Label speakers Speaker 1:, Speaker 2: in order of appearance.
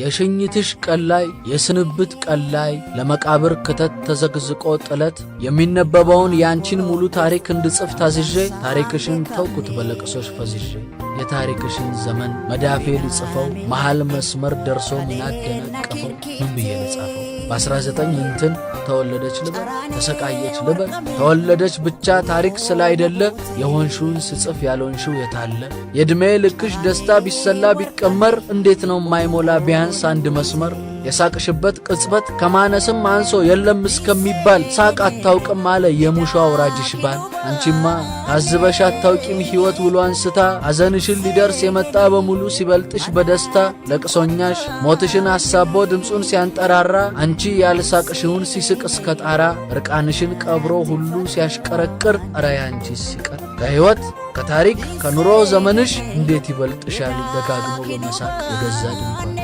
Speaker 1: የሽኝትሽ ቀን ላይ የስንብት ቀን ላይ ለመቃብር ክተት ተዘግዝቆ ጥለት የሚነበበውን ያንቺን ሙሉ ታሪክ እንድጽፍ ታዝዤ ታሪክሽን ተውኩት በለቅሶሽ ፈዝዤ የታሪክሽን ዘመን መዳፌ ልጽፈው መሃል መስመር ደርሶ ምናደነቀፈው ምን ብዬ ልጻፈው? በ19 እንትን ተወለደች ልበል ተሰቃየች ልበል ተወለደች ብቻ ታሪክ ስላይደለ የሆንሽውን ስጽፍ ያልሆንሽው የታለ የድሜ ልክሽ ደስታ ቢሰላ ቢቀመር እንዴት ነው ማይሞላ ቢያ ሳያንስ አንድ መስመር የሳቅሽበት ቅጽበት ከማነስም አንሶ የለም እስከሚባል ሳቅ አታውቅም አለ የሙሾ አውራጅሽ ባል። አንቺማ ታዝበሽ አታውቂም ሕይወት ውሎ አንስታ አዘንሽን ሊደርስ የመጣ በሙሉ ሲበልጥሽ በደስታ ለቅሶኛሽ ሞትሽን አሳቦ ድምፁን ሲያንጠራራ አንቺ ያልሳቅሽውን ሲስቅ እስከ ጣራ እርቃንሽን ቀብሮ ሁሉ ሲያሽቀረቅር እረ ያንቺ ሲቀር ከሕይወት ከታሪክ ከኑሮ ዘመንሽ እንዴት ይበልጥሻል ደጋግሞ በመሳቅ የገዛ ድንኳን